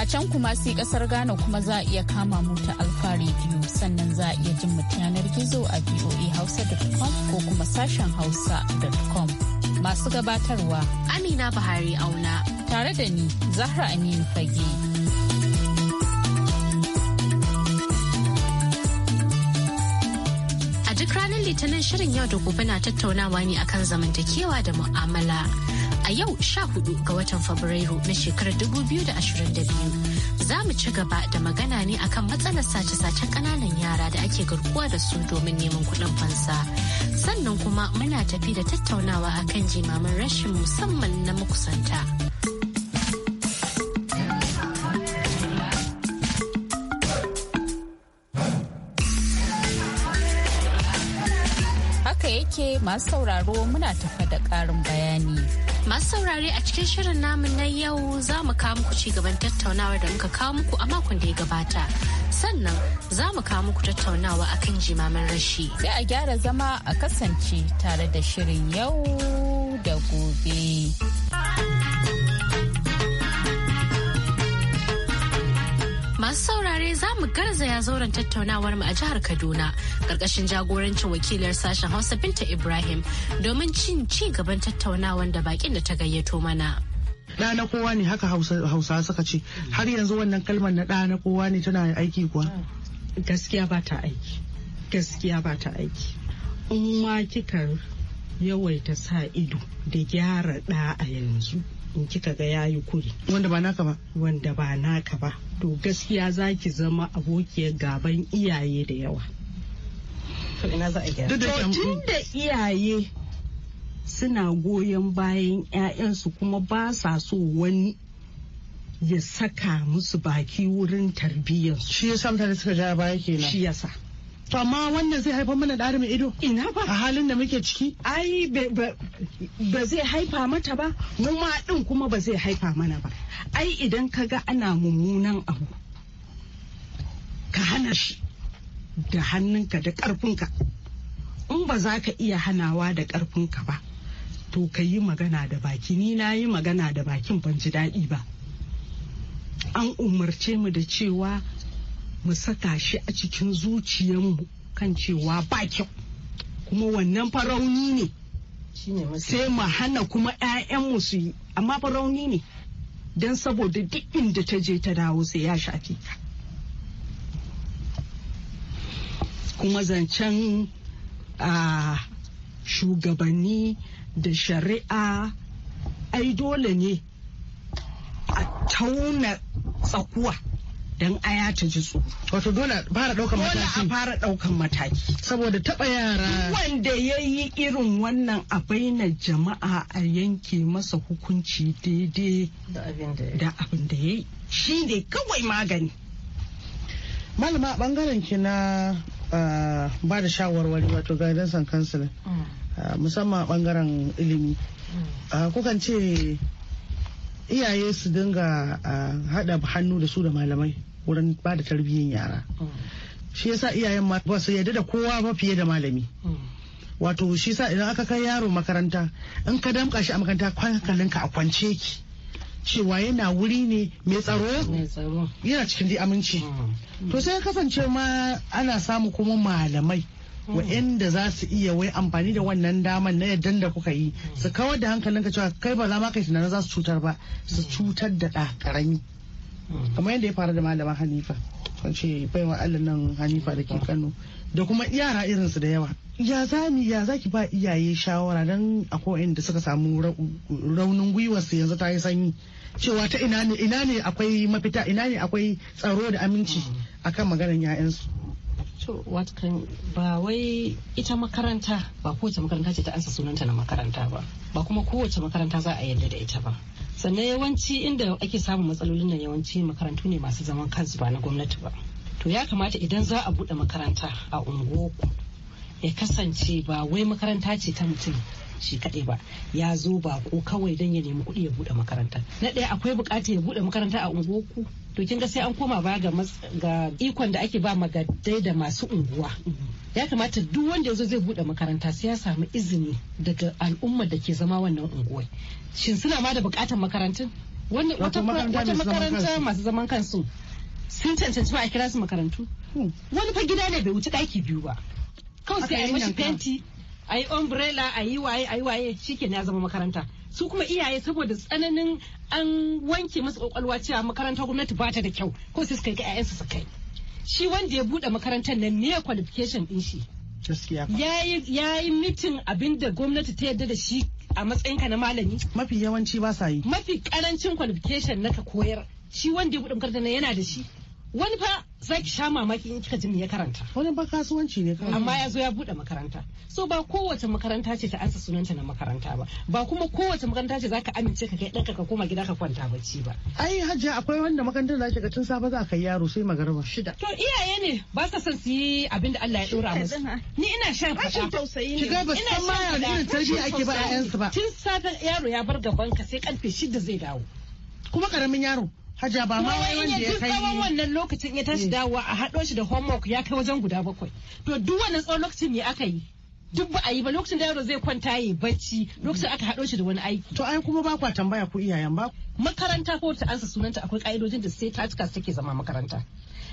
A can kuma sai kasar Ghana kuma za a iya kama mota alfari biyu sannan za a iya jin yanar gizo a voahausa.com ko kuma sashen hausa.com. Masu gabatarwa Amina Buhari Auna tare da ni Zahra Aminu Fage. a duk ranar litinin shirin yau da gobe na tattaunawa ne akan zamantakewa da mu'amala a yau 14 ga watan Fabrairu na shekarar 2022. Za mu ci gaba da magana ne akan matsalar sace-sacen ƙananan yara da ake garkuwa da su domin neman kuɗin fansa. Sannan kuma muna tafi da tattaunawa akan jimamin rashin musamman na makusanta. yake masu sauraro muna tafa da ƙarin bayani. Masu saurare a cikin shirin namu na yau za mu kawo muku ci gaban tattaunawar da muka kawo muku a makon da ya gabata. Sannan za mu kawo muku tattaunawa a kan jimamin rashi. Sai a gyara zama a kasance tare da shirin yau da gobe. masu saurare za mu garzaya zauren tattaunawar mu a jihar Kaduna karkashin jagorancin wakilar sashen Hausa Binta Ibrahim domin cin ci gaban tattaunawar da bakin da ta gayyato mana. Da na kowa ne haka hausa suka ce har yanzu wannan kalmar na da na kowa ne tana aiki kuwa gaskiya ba ta aiki gaskiya ba ta aiki in ma kika yawaita sa ido da gyara ɗa a yanzu in kika ga yayi kuri wanda ba naka ba wanda ba naka ba to gaskiya za ki zama abokiyar gaban iyaye da yawa. tun da iyaye suna goyon bayan 'ya'yansu kuma ba sa so wani ya saka musu baki wurin tarbiyyarsu. Shi ya samta da suka ja baya kenan. Shi ya sa. To amma wannan zai haifar mana ɗari mai ido? Ina ba. A halin da muke ciki? Ai ba zai haifa mata ba, mu ma ɗin kuma ba zai haifa mana ba. Ai idan ka ga ana mummunan abu, ka hana shi da hannunka da ƙarfinka. In ba za ka iya hanawa da ƙarfinka ba, to ka yi magana da baki. Ni na yi magana da bakin ban ji daɗi ba. An umarce mu da cewa mu saka shi a cikin zuciyarmu kan cewa ba kyau kuma wannan farauni ne sai mu hana kuma 'ya'yanmu su yi amma farauni ne don saboda duk inda ta je ta dawo sai ya shafi kuma zancen a shugabanni da shari'a ai dole ne a tauna tsakuwa don aya ta ji tsoro. Wato dole fara ɗaukan mataki. Dole a fara ɗaukan mataki. Saboda taɓa yara. Wanda ya yi irin wannan a baina jama'a a yanke masa hukunci daidai da abin da ya yi. Shi ne kawai magani. Malama a ɓangaren ki na ah, ba da shawarwari wato guidance san kansila. Mm. Ah, musamman a ɓangaren ilimi. Mm. Ah, kukan ce iyaye su dinga haɗa hannu da su da malamai. wurin ba da tarbiyyar yara shi yasa iyayen ma ba su yarda da kowa ba fiye da malami wato shi sa idan aka kai yaro makaranta in ka damka shi a makaranta ka a kwance ki cewa yana wuri ne mai tsaro yana cikin di aminci to sai ya kasance ma ana samu kuma malamai wa'anda za su iya wai amfani da wannan daman na yadda da kuka yi su kawar da hankalinka cewa kai ba za ma kai tunanin za su cutar ba su cutar da ɗa ƙarami kamar yadda ya faru da malama hanifa ce baiwa allah nan hanifa da ke kano da kuma yara irinsu da yawa ya za ya zaki ba iyaye shawara don akwai inda suka samu raunin gwiwarsu yanzu ta yi sanyi cewa ta ina ne ina ne akwai mafita ina ne akwai tsaro da aminci mm. akan maganar 'ya'yansu Wata kan ba wai ita makaranta ba kowace makaranta ce ta ansa sunanta na makaranta ba ba kuma kowace makaranta za a yadda da ita ba sannan yawanci inda ake samun matsalolin nan yawanci makarantu ne masu zaman kansu ba na gwamnati ba to ya kamata idan za a buɗe makaranta a unguwarku ya kasance ba wai makaranta ce ta mutum shi kaɗai ba ya zo ba ko kawai don ya nemi kuɗi ya buɗe makaranta na ɗaya akwai buƙatar ya buɗe makaranta a unguwarku to kin ga sai an koma ba ga ga ikon da ake ba magadai da masu unguwa ya kamata duk wanda ya zo zai buɗe makaranta sai ya samu izini daga al'ummar da ke zama wannan unguwar shin suna ma da buƙatar makarantun wata makaranta masu zaman kansu sun cancanci ba a kira su makarantu hmm. wani fa gida ne bai wuce ɗaki biyu ba kawai sai a yi mashi fenti a yi umbrella a yi waye a yi waye ke ya zama makaranta su kuma iyaye saboda tsananin an wanke masu kwakwalwa cewa makaranta gwamnati ba ta da kyau ko su suka yi ƴaƴansu su kai shi wanda ya bude makarantar nan me qualification din shi gaskiya ya yi mitin abin da gwamnati ta yarda da shi a matsayin ka na malami mafi yawanci ba sa yi mafi karancin qualification na ka koyar shi wanda ya bude makarantar nan yana da shi wani fa za ki sha mamaki in kika ji ya karanta wani ba kasuwanci ne kawai amma ya zo ya bude makaranta so ba kowace makaranta ce ta ansa sunanta na makaranta ba ba kuma kowace makaranta ce zaka amince ka kai ɗanka ka koma gida ka kwanta bacci ba ai hajja akwai wanda makarantar da shiga tun safe za ka yi yaro sai magarba shida to iyaye ne ba sa son su yi abin da Allah ya dora musu ni ina shan fada kiga ba san ma yaro irin tarbiyya ake ba a'yansu ba tun safe yaro ya bar gaban ka sai karfe shida zai dawo kuma karamin yaro Hajiya ba ma wai wanda ya kai tsawon wannan lokacin ya tashi mm. dawowa a haɗo shi da homework ya kai wajen guda bakwai. To duk wannan tsawon lokacin me aka yi? Duk ba a yi ba lokacin da yaro zai kwanta ya bacci lokacin aka haɗo shi da wani aiki. To ai kuma ba kwa tambaya ku iyayen ba. Makaranta ko ta ansa sunanta akwai ka'idojin da sai ta cika take zama makaranta.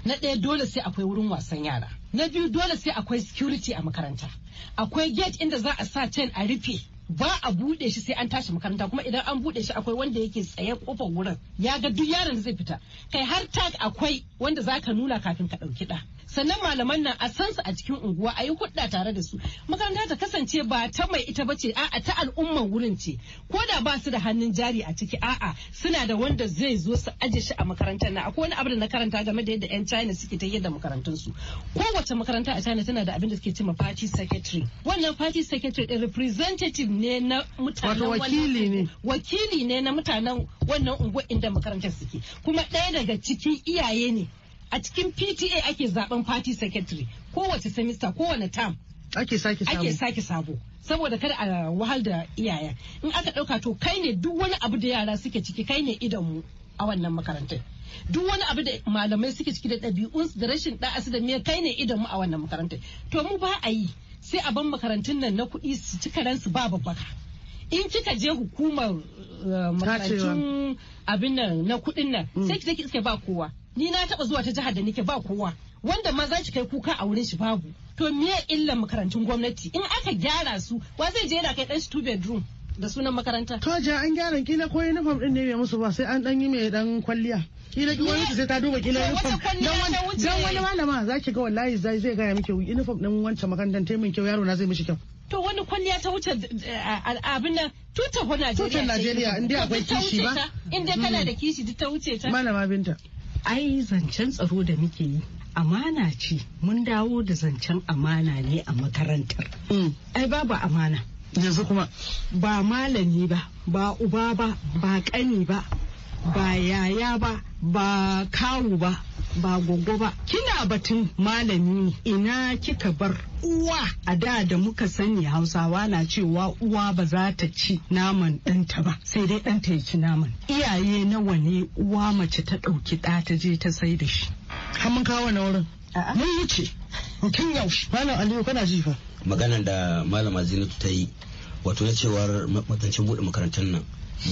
Na ɗaya dole sai akwai wurin wasan yara. Na biyu dole sai akwai security a makaranta. Akwai gate inda za a sa chain a rufe. ba a buɗe shi sai an tashi makaranta kuma idan an buɗe shi akwai wanda yake tsaye kofar wurin ya ga duk yaron zai fita kai har tag akwai wanda zaka nuna kafin ka ɗauki ɗa sannan malaman nan a san su a cikin unguwa a yi hudda tare da su makaranta ta kasance ba ta mai ita bace ce a'a ta al'umman wurin ce ko da ba su da hannun jari a ciki a'a suna da wanda zai zo su aje shi a makarantar na akwai wani abu da na karanta game da yadda 'yan China suke ta yadda makarantun su kowace makaranta a China tana da abin da suke ma party secretary wannan party secretary din representative ne na mutanen wakili ne wakili ne na mutanen wannan unguwa inda makarantar suke kuma ɗaya daga cikin iyaye ne a cikin PTA ake zaben party secretary kowace semester kowane term ake sake sabo ake sake sabo saboda kada a wahal da iyaye in aka dauka to kai ne duk wani abu da yara suke ciki kai ne idan mu a wannan makarantar duk wani abu da malamai suke ciki da ɗabi'un da rashin su da me kai ne idan mu a wannan makarantar to mu ba a yi sai a ban makarantun nan na kuɗi su ci su ba babba in kika je hukumar eh, makarantun abin nan na kuɗin nan mm. sai ki ba kowa ni na taba zuwa ta jihar da nake ba kowa wanda ma za shi kai kuka a wurin shi babu to miye illan makarantun gwamnati in aka gyara su wa zai je yana kai dan shi two bedroom da sunan makaranta to ja an gyara kila ko uniform din ne bai musu ba sai an dan yi mai dan kwalliya kila ki wani sai ta duba kila uniform dan wani malama zaki ga wallahi zai zai ga miki uniform din wancan tai taimin kyau yaro na zai mishi kyau to wani kwalliya ta wuce eh, abin nan tutar Najeriya tutar Najeriya inda akwai kishi ba inda kana da kishi ta wuce ta malama binta ai zancen tsaro da muke yi amana ce mun dawo da zancen amana ne a makarantar mm. ai babu amana yanzu kuma ba malami ba ba uba ba ba kani ba ba yaya ba ba kawu ba ba gogo ba kina batun malami ina kika bar uwa a da da muka sani hausawa na cewa uwa ba za ta ci naman ɗanta ba sai dai ɗanta ya ci naman iyaye nawa ne uwa mace ta ɗauki ɗa ta je ta sai da shi mun kawo na wurin mun wuce kin yaushe malam aliyu kana ji fa Maganar da malama zinatu ta yi wato na cewar matsancin buɗe makarantar nan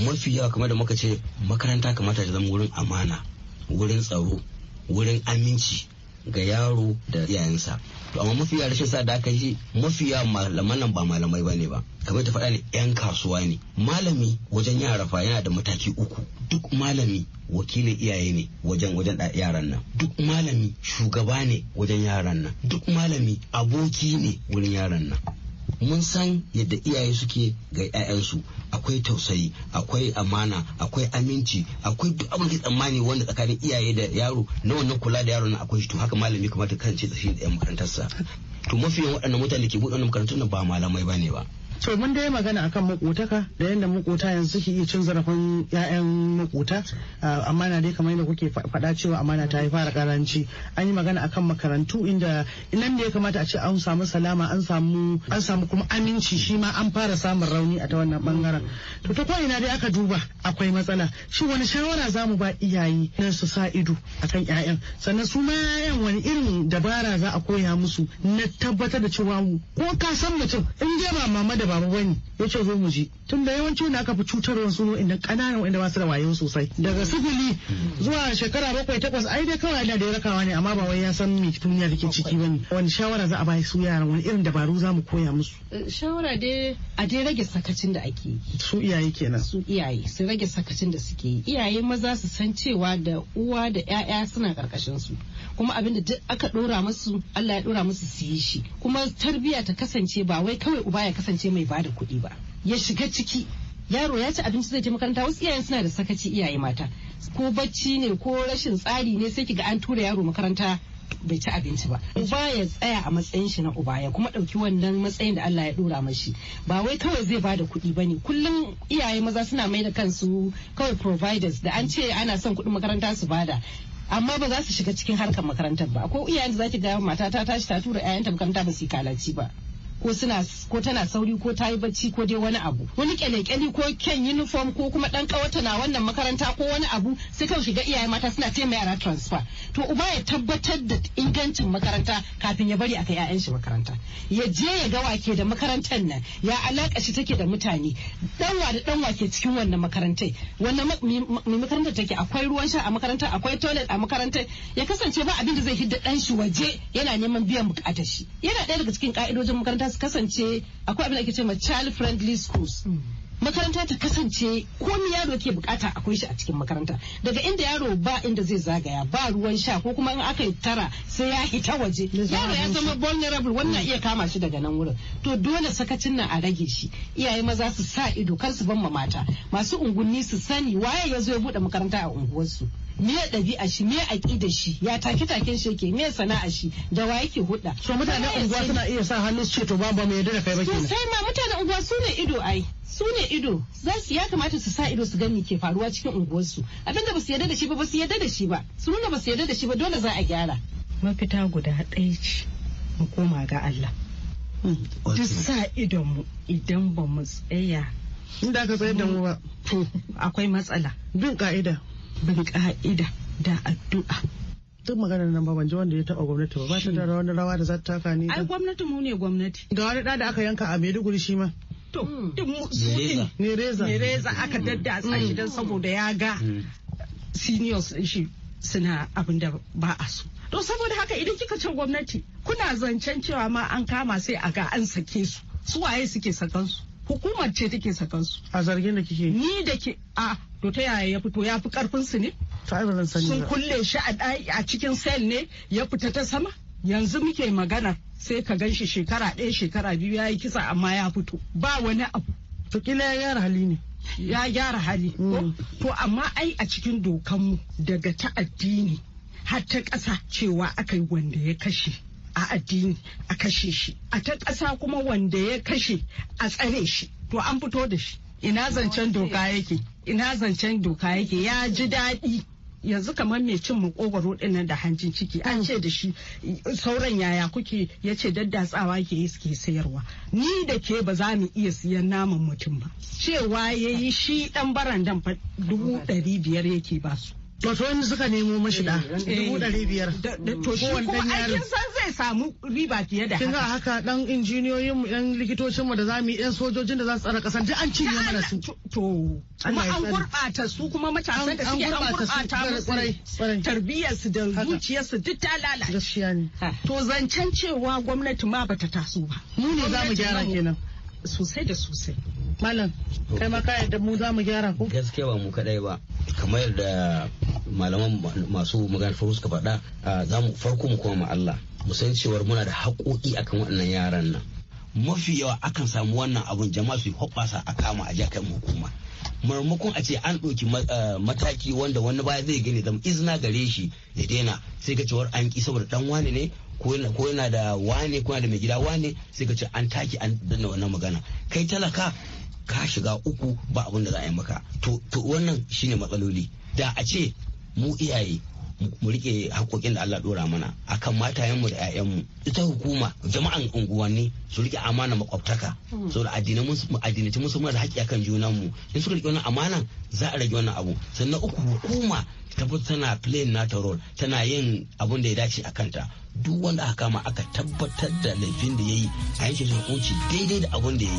mafi yawa kamar da muka ce makaranta kamata ta zama wurin amana wurin tsaro wurin aminci ga yaro da yayansa to amma mafi mafiya rashin sa da aka yi mafi mafiya malaman nan ba malamai ba ne ba kamar ta faɗa ne yan kasuwa ne malami wajen yara fa yana da mataki uku duk malami wakilin iyaye ne wajen wajen yaran nan duk malami shugaba ne wajen yaran nan duk malami aboki ne wurin yaran nan mun san yadda iyaye suke ga 'ya'yansu akwai tausayi akwai amana akwai aminci akwai duk abin da tsammani wanda tsakanin iyaye da yaro na wannan kula da yaro na akwai shi to haka malami kamata kan ce da shi da 'yan makarantarsa to mafiyan waɗannan mutane ke buɗe wannan ba malamai ba ba To mun dai magana akan makotaka da yadda makota yanzu suke iya cin zarafin 'ya'yan makota amana dai kamar yadda kuke faɗa cewa amana ta yi fara karanci an yi magana akan makarantu inda nan da ya kamata a ce an samu salama an samu an samu kuma aminci shi ma an fara samun rauni a ta wannan bangaren to ta ko ina dai aka duba akwai matsala shi wani shawara za mu ba iyaye na su sa ido akan 'ya'yan sannan su ma 'ya'yan wani irin dabara za a koya musu na tabbatar da cewa ko ka san mutum in je ba mama da ba wani ya ce zo mu je tun da yawanci wanda aka fi cutarwa su inda ƙananan wanda ba su da wayo sosai daga sifili zuwa shekara bakwai takwas ai dai kawai yana da rakawa ne amma ba wai ya san me duniya take ciki bane wani shawara za a bai su yaran wani irin dabaru za mu koya musu eh, shawara dai a dai rage sakacin da ake yi su iyaye kenan su iyaye su rage sakacin da suke yi iyaye maza su san cewa da uwa da ƴaƴa suna karkashin su kuma abin da duk aka dora musu Allah ya dora musu su yi shi kuma tarbiyya ta kasance ba wai kawai uba ya kasance mai bada kuɗi ba ya shiga ciki yaro ya ci abinci zai je makaranta wasu iyayen suna da sakaci iyaye mata ko bacci ne ko rashin tsari ne sai kiga an tura yaro makaranta bai ci abinci ba uba ya tsaya a matsayin shi na uba ya kuma ɗauki wannan matsayin da Allah ya dora mashi ba wai kawai zai bada kuɗi ba ne kullum iyaye maza suna mai da kansu kawai providers da an ce ana son kuɗin makaranta su bada amma ba za su shiga cikin harkar makarantar ba akwai iyayen da zaki ga mata ta tashi ta tura 'ya'yanta makaranta ba su yi kalaci ba ko suna ko tana sauri ko ta yi bacci ko dai wani abu wani kyalekyali ko kyan uniform ko kuma dan kawata na wannan makaranta ko wani abu sai kawai shiga iyaye mata suna ce yara transfer to uba ya tabbatar da ingancin makaranta kafin ya bari aka yayan shi makaranta ya je ya ga wake da makarantar nan ya alaka shi take da mutane danwa da danwa ke cikin wannan makarantai wannan makarantar take akwai ruwan sha a makarantar akwai toilet a makarantar ya kasance ba abin da zai hidda dan shi waje yana neman biyan bukatar shi yana ɗaya daga cikin ka'idojin makaranta kasance akwai abin da ake cewa child friendly schools hmm. makaranta ta kasance komi yaro ke bukata akwai shi a cikin makaranta daga inda yaro ba inda zai zagaya ba ruwan sha ko kuma in aka yi tara sai ya hita waje yaro ya zama vulnerable wannan hmm. iya kama shi daga nan wurin to dole sakacin nan a rage shi iyaye maza su sa ido kar su ban mata masu unguwanni su sani waye ya zo ya bude makaranta a unguwarsu me ɗabi'a shi me aƙidar shi ya take taken shi yake me sana'a shi da wa yake huɗa. so mutanen unguwa suna iya sa hannu su ce to ba ba mai yadda da kai ba kenan. sai ma mutanen unguwa su ne ido ai su ne ido za su ya kamata su sa ido su gani ke faruwa cikin unguwarsu abinda ba su yarda da shi ba ba su yarda da shi ba su nuna ba su yarda da shi ba dole za a gyara. mafita guda ɗaya ce mu koma ga Allah. duk hmm. sa mu idan ba mu tsaya. inda ka tsayar da mu ba. to akwai matsala. bin ka'ida. bin ka'ida da addu'a duk maganar nan ba ban ji wanda ya taba gwamnati ba ba ta da wani rawa da za ta taka ni. ai gwamnati mu ne gwamnati ga wani da aka yanka a Maiduguri shi ma to hmm. duk mu ne reza ne reza aka hmm. a shi don hmm. saboda ya ga seniors shi suna abin da ba a so to saboda haka idan kika ce gwamnati kuna zancen cewa ma an kama sai a ga an sake su su waye suke sakan su hukumar ce take sakan su a zargin da kike ni da ke a to ta yaya ya fito ya fi karfin su ne sun kulle shi a cikin sel ne ya fita ta sama yanzu muke magana sai ka gan shi shekara ɗaya shekara biyu ya yi kisa amma ya fito ba wani abu to kila ya gyara hali ne ya gyara hali mm. to amma ai a cikin dokanmu daga ta addini har ta ƙasa cewa aka yi wanda ya kashe a addini a kashe shi a ta ƙasa kuma wanda ya kashe a tsare shi to an fito da shi ina zancen doka yake ina zancen doka yake ya ji daɗi yanzu kamar mai cin makogwaro dinnan da hancin ciki an ce da shi sauran yaya kuke ya ce daddatsawa ke suke sayarwa ni da ke ba za mu iya siyan naman mutum ba cewa ya yi shi dan barandan dubu ɗari biyar yake basu Wato wanda suka nemo mashi da eh, eh, dubu ɗari biyar. To shi kuma aikin san zai samu riba fiye da haka. Kinga haka ɗan injiniyoyin mu ɗan likitocin mu da zamu yi ɗan sojojin da za su tsara ƙasar duk an cinye mana su. To kuma an gurɓata su kuma matasan da suke an gurɓata mu tarbiyyar su da zuciyar su duk ta lalace. Gaskiya ne. To zancen cewa gwamnati ma bata taso ba. Mu ne za mu gyara kenan. Sosai da sosai. malam kai ma ka yadda mu za mu gyara ko gaskiya ba mu kadai ba kamar yadda malaman masu magana faru suka faɗa za mu farko mu koma Allah mu san cewar muna da haƙoƙi akan waɗannan yaran nan mafi yawa akan samu wannan abun jama'a su hoɓɓasa a kama a kai hukuma Marmukun a ce an ɗauki mataki wanda wani baya zai gani zama izina gare shi ya daina sai ka cewar an ƙi saboda ɗan wani ne ko yana da wani ko yana da mai gida wani. sai ka ce an taki an danna wannan magana kai talaka ka shiga uku ba abin da za a yi maka to wannan shine matsaloli da a ce mu iyaye mu rike haƙoƙin da Allah ɗora mana akan matayenmu da 'ya'yanmu ita hukuma jama'an unguwanni su rike amana makwabtaka mm. saboda addinai mun muna da haƙƙi akan junanmu in suka rike wannan amana za a rage wannan abu sannan uku hukuma ta tana plain nata role tana yin abun da ya dace a kanta duk wanda aka kama aka tabbatar da laifin da ya yi a yanke hukunci daidai da abun da ya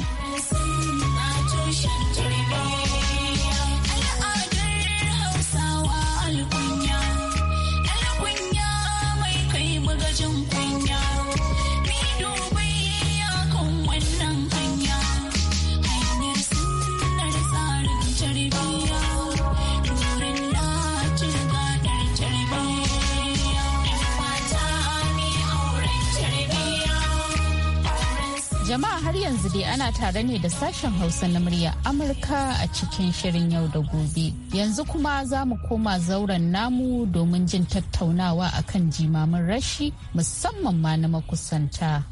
yi. Tushen tarbiyya, al'adar Hausawa al'umma. Jama'a har yanzu dai ana tare ne da sashen Hausa na murya Amurka a cikin shirin yau da gobe. Yanzu kuma za mu koma zauren namu domin jin tattaunawa akan jimamin rashi musamman ma na makusanta.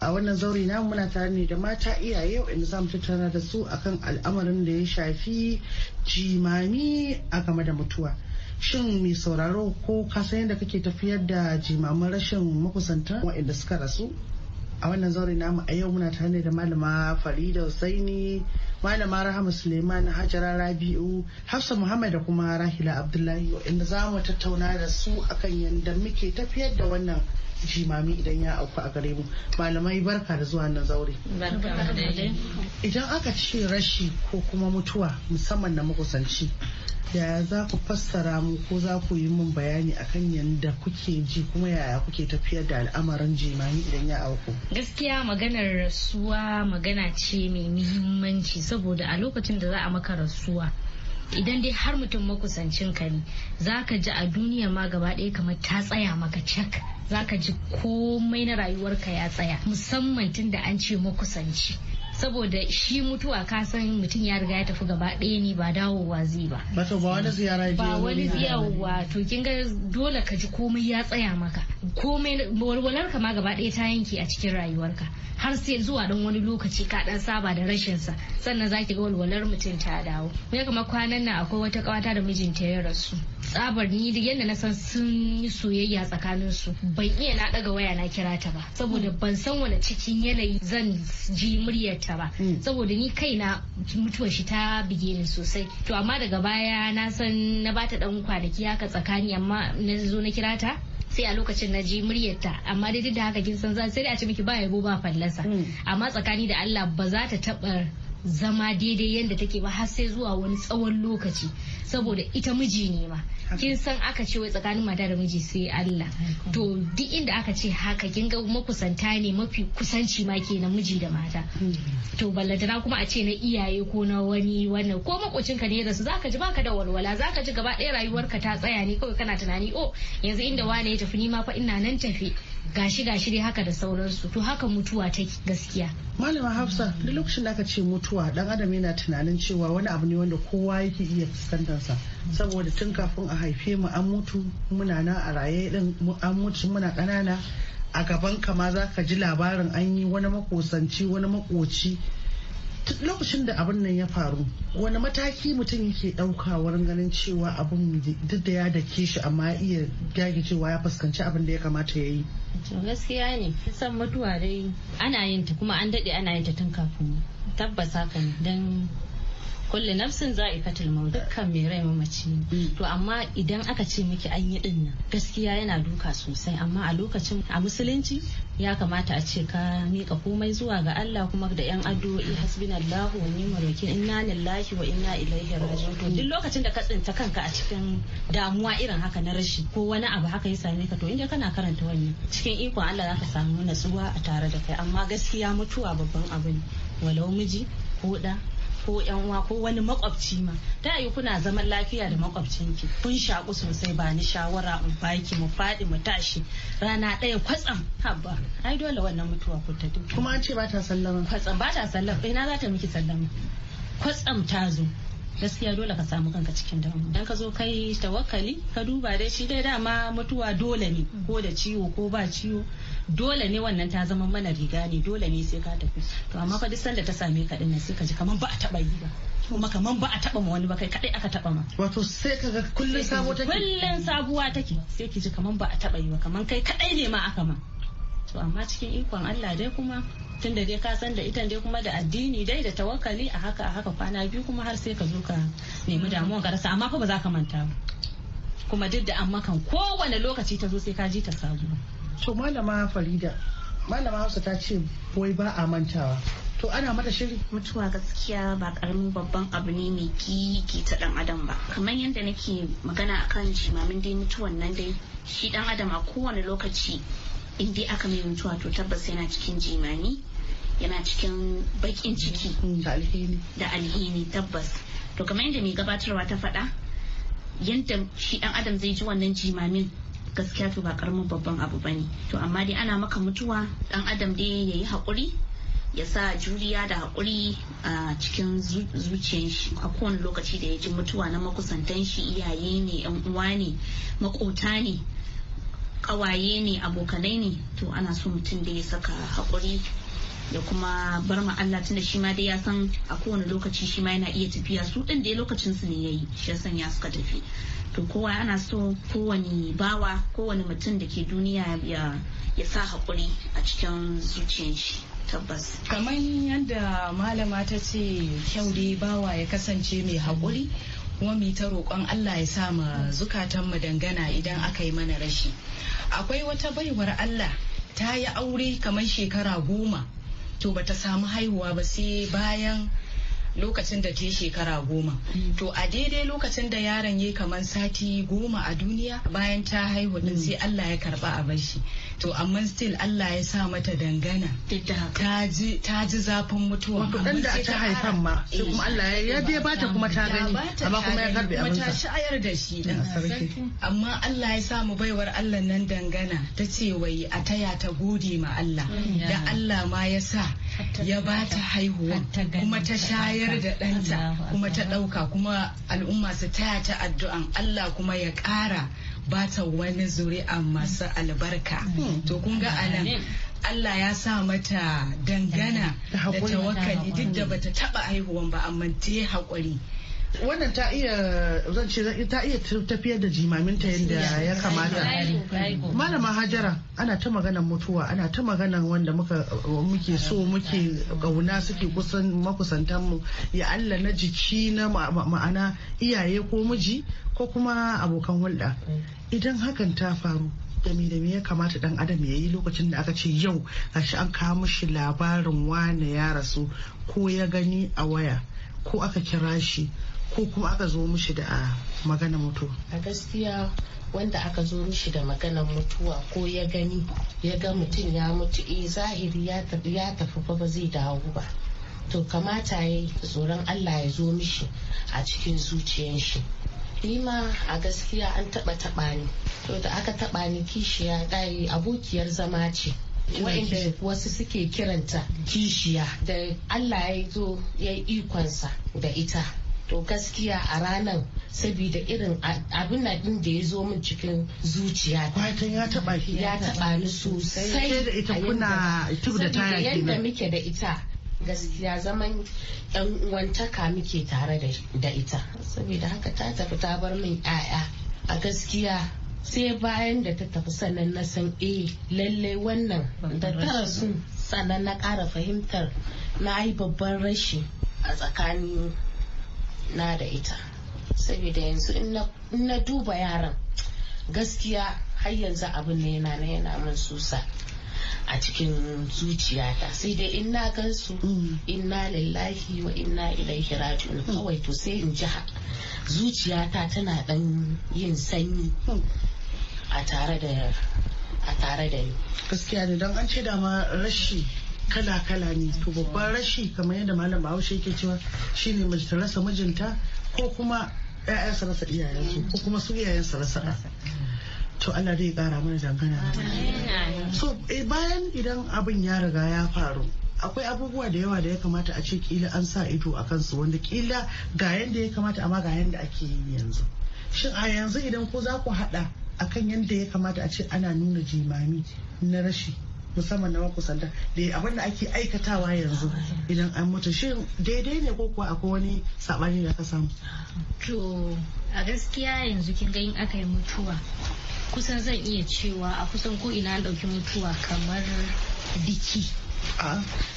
a wannan zauri na muna tare ne da mata iyaye inda za mu tattauna da su akan al'amarin da ya shafi jimami a game da mutuwa shin mai sauraro ko ka yadda kake tafiyar da jimamin rashin makusanta waɗanda suka rasu a wannan zaure namu a yau muna tare da malama farida husaini malama rahama suleiman hajara rabi'u hafsa muhammad da kuma rahila abdullahi inda za mu tattauna da su akan yadda muke tafiyar da wannan jimami idan ya auku a gare mu malamai barka da zuwa nan zaure idan aka ce rashi ko kuma mutuwa musamman na makusanci yaya za ku fassara mu ko za ku yi mun bayani akan yadda kuke ji kuma yaya kuke tafiyar da al'amarin jimami idan ya auku gaskiya maganar rasuwa magana ce mai muhimmanci saboda a lokacin da za a maka rasuwa idan dai har mutum makusancin ka ne za ka ji a duniya ma gaba ɗaya kamar ta tsaya maka cak za ka ji komai na rayuwarka ya tsaya musamman tun da an ce makusanci saboda shi mutuwa ka san mutum ya riga ya tafi gaba ɗaya ne ba dawowa zai ba wato ba wani ziyara ba wani ziyarwa to kin ga dole ka ji komai ya tsaya maka komai walwalar ka ma gaba ɗaya ta yanke a cikin rayuwarka har sai zuwa dan wani lokaci ka ɗan saba da rashin sa sannan zaki ga walwalar mutum ta dawo ya kama kwanan nan akwai wata kawata da mijinta ya rasu tsabar ni da yadda na san sun yi soyayya tsakanin su ban iya na daga waya na kira ta ba saboda ban san wani cikin yanayi zan ji muryarta ta ba mm. saboda ni kaina mutuwar shi ta bige ni sosai to amma daga baya na san na bata dan kwanaki haka tsakani amma na zo na kira ta sai a lokacin na ji muryarta amma dai duk da haka kin san sai dai a ce miki ba yabo ba fallasa mm. amma tsakani da Allah ba za ta taba zama daidai yadda take ba har sai zuwa wani tsawon lokaci saboda ita miji ne ma kin san aka ce wai tsakanin mata da miji sai Allah to duk inda aka ce haka kin ga makusanta ne mafi kusanci ma kenan miji da mata hmm. to na kuma a ce na iyaye ko na wani wannan ko makocinka ne da su zaka ji baka da walwala zaka ji gaba ɗaya rayuwarka ta tsaya ne kawai kana tunani oh yanzu inda wane ya tafi ni ma fa ina nan tafi gashi gashi dai haka da sauransu to haka mutuwa take gaskiya malama hafsa duk lokacin da aka ce mutuwa dan adam yana tunanin cewa wani abu ne wanda kowa yake iya fuskantarsa saboda tun kafin a haife mu an mutu muna na a raye din an mutu muna kanana a gaban kama za ka ji labarin an yi wani makosanci wani makoci lokacin da abin nan ya faru wani mataki mutum yake ɗauka wurin ganin cewa abin duk da ya dake shi amma iya gage cewa ya fuskanci abin da ya kamata ya yi gaskiya ne san mutuwa dai ana yin ta kuma an daɗe ana yin ta tun kafin tabbasa kan ne don kulli nafsin za'ifatul maut dukkan mai rai mamaci ne mm. to amma idan aka ce miki an yi gaskiya yana duka sosai amma a lokacin a musulunci ya kamata a ce ka mika komai zuwa ga Allah kuma da yan addu'o'i hasbinallahu wa ni'mal wakil inna lillahi wa inna ilaihi raji'un to duk lokacin da ka tsinta kanka a cikin damuwa irin haka na rashi ko wani abu haka ya same ka to inda kana karanta wannan cikin ikon Allah zaka samu natsuwa a tare da kai amma gaskiya mutuwa babban abu ne walau miji ko da ko yan uwa ko wani makwabci ma ta yi kuna zaman lafiya da makwabcinki kun shaku sosai ba ni shawara in baki mu faɗi mu tashi rana ɗaya kwatsam habba ai dole wannan mutuwa ku ta kuma an ce ba ta sallama kwatsam ba ta sallama ina za ta miki sallama kwatsam ta zo gaskiya dole ka samu kanka cikin damu. dan ka zo kai tawakkali ka duba dai shi dai dama mutuwa dole ne ko da ciwo ko ba ciwo dole ne wannan ta zama mana riga ne dole ne sai ka tafi to amma fa duk sanda ta same ka dinnan sai ka ji kaman ba a taba yi ba kuma kaman ba a taba ma wani ba kai kadai aka taba ma wato sai ka ga kullun sabo take kullun sabuwa take sai ki ji kaman ba a taba yi ba kaman kai kadai ne ma aka ma to amma cikin ikon Allah dai kuma tun da dai ka san da ita dai kuma da addini dai da tawakkali a haka a haka kwana biyu kuma har sai ka zo ka nemi damuwa ga rasa amma fa ba za ka manta ba kuma duk da amma kan kowane lokaci ta zo sai ka ji ta sabuwa to malama farida malama hausa ta ce boy ba a mantawa to ana mata shiri mutuwa gaskiya ba karamin babban abu ne mai kiki ta dan adam ba kamar yadda nake magana akan jimamin dai mutuwan nan dai shi dan adam a kowane lokaci in dai aka mai mutuwa to tabbas yana cikin jimami yana cikin bakin ciki mm, da alhini tabbas to kamar yadda mai gabatarwa ta faɗa yadda shi dan adam zai ji wannan jimamin gaskiya to ba karamin babban abu bane to amma dai ana maka mutuwa dan adam dai ya yi haƙuri ya sa juriya da haƙuri a cikin zuciyar shi a kowane lokaci da ya ji mutuwa na makusantan shi iyaye ne yan uwa ne makota ne kawaye ne abokanai ne to ana so mutum da ya saka hakuri da kuma bar ma Allah tunda shi ma dai ya san a kowane lokaci shi ma yana iya tafiya su din da lokacin su ne yayi shi yasan ya suka tafi to kowa ana so kowane bawa kowane mutum da ke duniya ya sa haƙuri a cikin zuciyar shi tabbas kamar yadda malama ta ce kyau dai bawa ya kasance mai haƙuri kuma mu ta roƙon Allah ya sa ma zukatan mu dangana idan aka yi mana rashi akwai wata baiwar Allah ta yi aure kamar shekara goma to bata samu haihuwa ba sai bayan lokacin da ta yi shekara goma mm. to a daidai lokacin da yaron ya kamar sati goma a duniya bayan ta haihu din mm. sai Allah ya karba a shi to amma still Allah ya sa mata dangana ta ji zafin mutuwa wato ɗan da ta haifan ma sai eh, kuma Allah ya ya ta kuma ta gani amma kuma ya karbe abin ta shayar da shi mm, amma Allah ya sa mu baiwar Allah nan dangana ta ce wai a taya ta gode ma Allah da Allah ma ya sa ya ba ta haihuwa kuma ta shayar ciyar da ɗanta kuma ta ɗauka kuma al'umma su taya ta addu'an Allah kuma ya ƙara bata wani zuri'a masu albarka to kun ga anan Allah ya sa mata dangana da tawakkali duk da bata taba haihuwan ba amma ta haƙuri wannan ta iya zan ce ta iya tafiyar da jimaminta yadda ya kamata malama hajara ana ta maganan mutuwa ana ta maganan wanda muke so muke gauna suke kusan makusantan mu ya Allah na jiki na ma'ana iyaye ko miji ko kuma abokan hulɗa idan hakan ta faru dami da me ya kamata dan adam ya yi lokacin da aka ce yau gashi an kawo mishi labarin wane ya rasu ko ya gani a waya ko aka kira shi ko kuma aka zo mishi da maganar mutuwa a gaskiya wanda aka zo mishi da maganar mutuwa ko ya gani ya ga mutum ya mutu eh zahiri ya tafi ba zai dawo ba to kamata ya yi tsoron allah ya zo mishi a cikin zuciyan shi nima a gaskiya an taba taba ni to da aka taba ni kishiya ɗaya abokiyar zama ce wa'inda wasu suke kiranta kishiya da allah ya zo ya ikonsa da ita to gaskiya a ranan saboda irin abin na din da ya zo min cikin zuciya ya taba ya taba ni sosai da ita kuna da kenan yadda muke da ita gaskiya zaman yan uwantaka muke tare da ita saboda haka ta tafi ta bar min 'ya'ya a gaskiya sai bayan da ta tafi sannan na san eh lallai wannan da ta sun sannan na ƙara fahimtar na yi babban rashi a tsakanin na da ita saboda yanzu in na duba yaran gaskiya har yanzu abin ne yana yana min susa a cikin zuciyata sai dai in na gansu mm. inna lillahi wa inna ilaihi raji'un mm. kawai to sai in ji zuciyata tana dan yin sanyi mm. a tare da a ni gaskiya ne don an ce dama rashi kala-kala ne to babban rashi kamar yadda malam bahaushe yake cewa shine mace ta rasa mijinta ko kuma sa rasa iyayensu ko kuma su iyayensa rasa to Allah zai kara mana dangana so eh, bayan idan abin ya riga ya faru akwai abubuwa da yawa da ya kamata a ce kila an sa ido a kansu wanda kila ga yanda ya kamata amma ga yanda ake yi yanzu shin a yanzu idan ko za ku hada akan yadda ya kamata a ce ana nuna jimami na rashi musamman na makusanta da abin da ake aikatawa yanzu idan an mutu shi daidai ne ko kuwa akwai wani sabani da ka samu to a gaskiya yanzu kin ga in aka yi mutuwa kusan zan iya cewa a kusan ko ina an ɗauki mutuwa kamar biki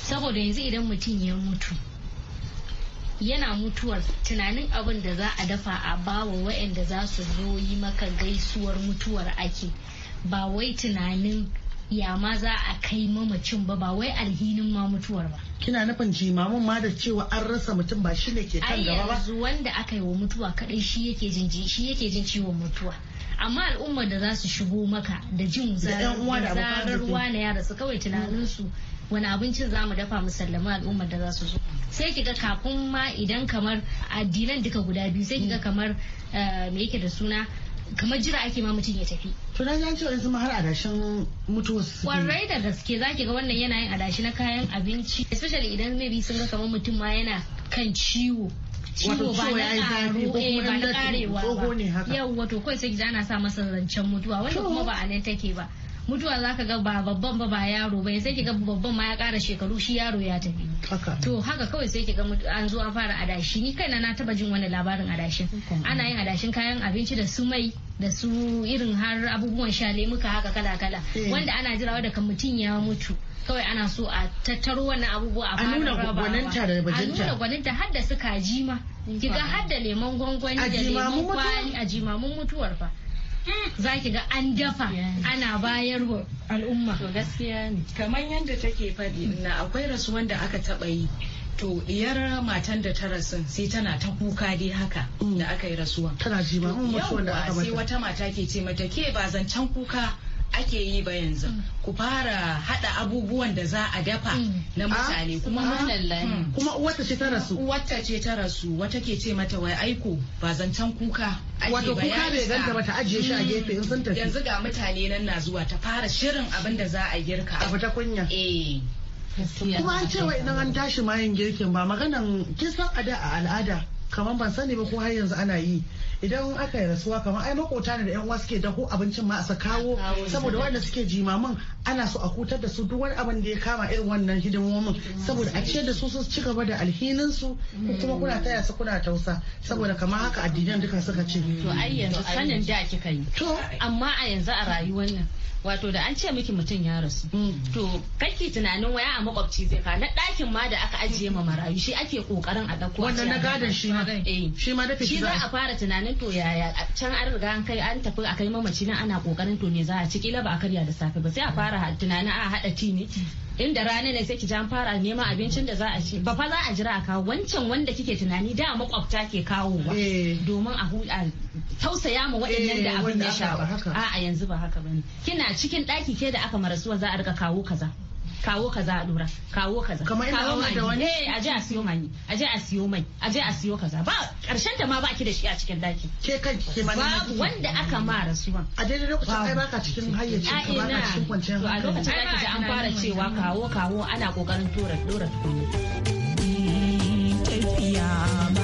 saboda yanzu idan mutum ya mutu yana mutuwar tunanin abin da za a dafa a bawa waɗanda za su zo yi maka gaisuwar mutuwar ake ba wai tunanin ya ma za a kai mamacin ba ba wai alhinin ma mutuwar ba kina nufin jimamin ma da cewa an rasa mutum ba shi ne ke kan gaba ba yanzu wanda aka yi wa mutuwa kadai shi yake jin shi yake jin ciwon mutuwa amma al'ummar da za su shigo maka da jin zararwa na yara su kawai tunaninsu wani abincin za mu dafa musallama al'ummar da za su zo sai kiga kafin ma idan kamar addinan duka guda biyu sai kiga kamar eh, me yake da suna kamar jira ake ma mutum ya tafi. To na ji yanzu ma har adashin mutuwa su. Kwarai da gaske zaki ga wannan yana yin adashi na kayan abinci especially idan maybe sun ga kamar mutum ma yana kan ciwo. ciwo ba na eh, ba na karewa ba yau wato kawai sai gida ana sa masa zancen mutuwa wanda kuma ba a nan take ba mutuwa za ka ga ba babban ba ba yaro ba sai ki ga babban ma ya kara shekaru shi yaro ya tafi to haka kawai sai ki ga an zo an fara adashi ni kaina na taba jin wani labarin adashin ana yin adashin kayan abinci da su mai da su irin har abubuwan sha lemuka haka kala kala eh. wanda ana jirawa daga mutum ya mutu kawai ana so a tattaro wannan abubuwa a fara nuna gwaninta da bajinta a nuna gwaninta har da su kaji ma kiga har da lemon gwangwani da lemon kwali a jimamin mutuwar fa za ki ga an dafa ana bayar wa al'umma to gaskiya ne kamar yadda take faɗi na akwai rasuwan da aka taɓa yi to iyar matan da ta rasu sai tana ta kuka dai haka da aka yi rasuwa tana ji ba sai wata mata ke ce mata ke ba zancen kuka ake yi ba yanzu mm. ku fara hada abubuwan da za a dafa mm. na ah. mutane kuma ah. mm. kuma wata ce ta rasu wata ce ta rasu wata ke ce mata wai aiko ba zancan kuka wato kuka bai ganta ba ta ajiye shi a gefe in sun tafi yanzu ga mutane nan na zuwa ta fara shirin abin da za a girka a fita kunya eh kuma an cewa idan an tashi mayin girkin ba maganan kisan da a al'ada kamar ban sani ba ko har yanzu ana yi idan aka yi rasuwa kamar ai makota ne da yan uwa suke daho abincin ma a kawo saboda wanda suke jimamin ana so a kutar da su duk wani abin da ya kama irin wannan hidimomin saboda a ciyar da su su ci gaba da alhinin su kuma kuna taya su kuna tausa saboda kamar haka addinan duka suka ce to ai yanzu sanin da kika yi to amma a yanzu a rayuwar nan wato da an ce miki mutum ya rasu mm. to kake tunanin waya a makwabci zai fa na ɗakin ma da aka ajiye ma marayu shi ake kokarin a ɗauko wannan na gadon shi ma eh. shi ma da shi za a fara tunanin to yaya can an riga an kai an tafi a kai mamaci nan ana kokarin to ne za a ci kila ba a karya da safe ba sai a fara tunanin a haɗa ti ne inda rana ne sai ki jan fara neman abincin da za a ci ba fa za a jira a kawo wancan wanda kike tunani da makwabta ke kawowa eh. domin a tausaya ma waɗannan da eh, abin ya sha a'a yanzu ba haka bane kina cikin ɗaki ke da aka marasuwa za a rika kawo kaza kawo kaza a dora kawo kaza kamar ina wani da wani eh aje a siyo mani aje a siyo mai aje a siyo kaza ba karshen ta ma ba ki da shi a cikin daki ke kanki ke mani babu wanda aka ma rasuwa a daidai lokacin ai baka cikin hayyacin ka baka cikin kwanciyar hankali a lokacin da an fara cewa kawo kawo ana kokarin tora dora tafiya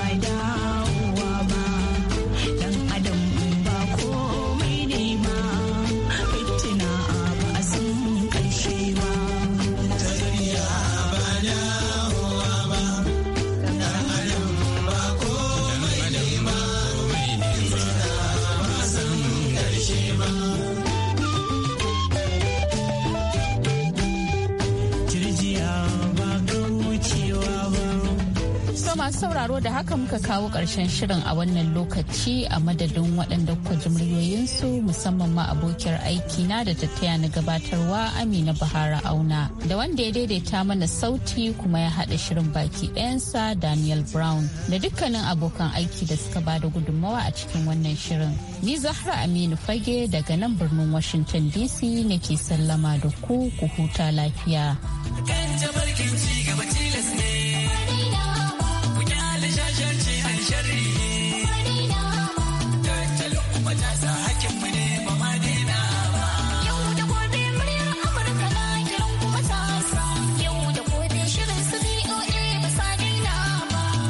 masu sauraro da haka muka kawo ƙarshen shirin a wannan lokaci a madadin waɗanda kuka ji muryoyinsu musamman ma abokiyar aiki na da tattaya na gabatarwa Amina Bahara Auna da wanda ya daidaita mana sauti kuma ya haɗa shirin baki ɗayansa Daniel Brown da dukkanin abokan aiki da suka ba da gudunmawa a cikin wannan shirin. Ni Zahra Aminu Fage daga nan birnin Washington DC nake sallama da ku ku huta lafiya.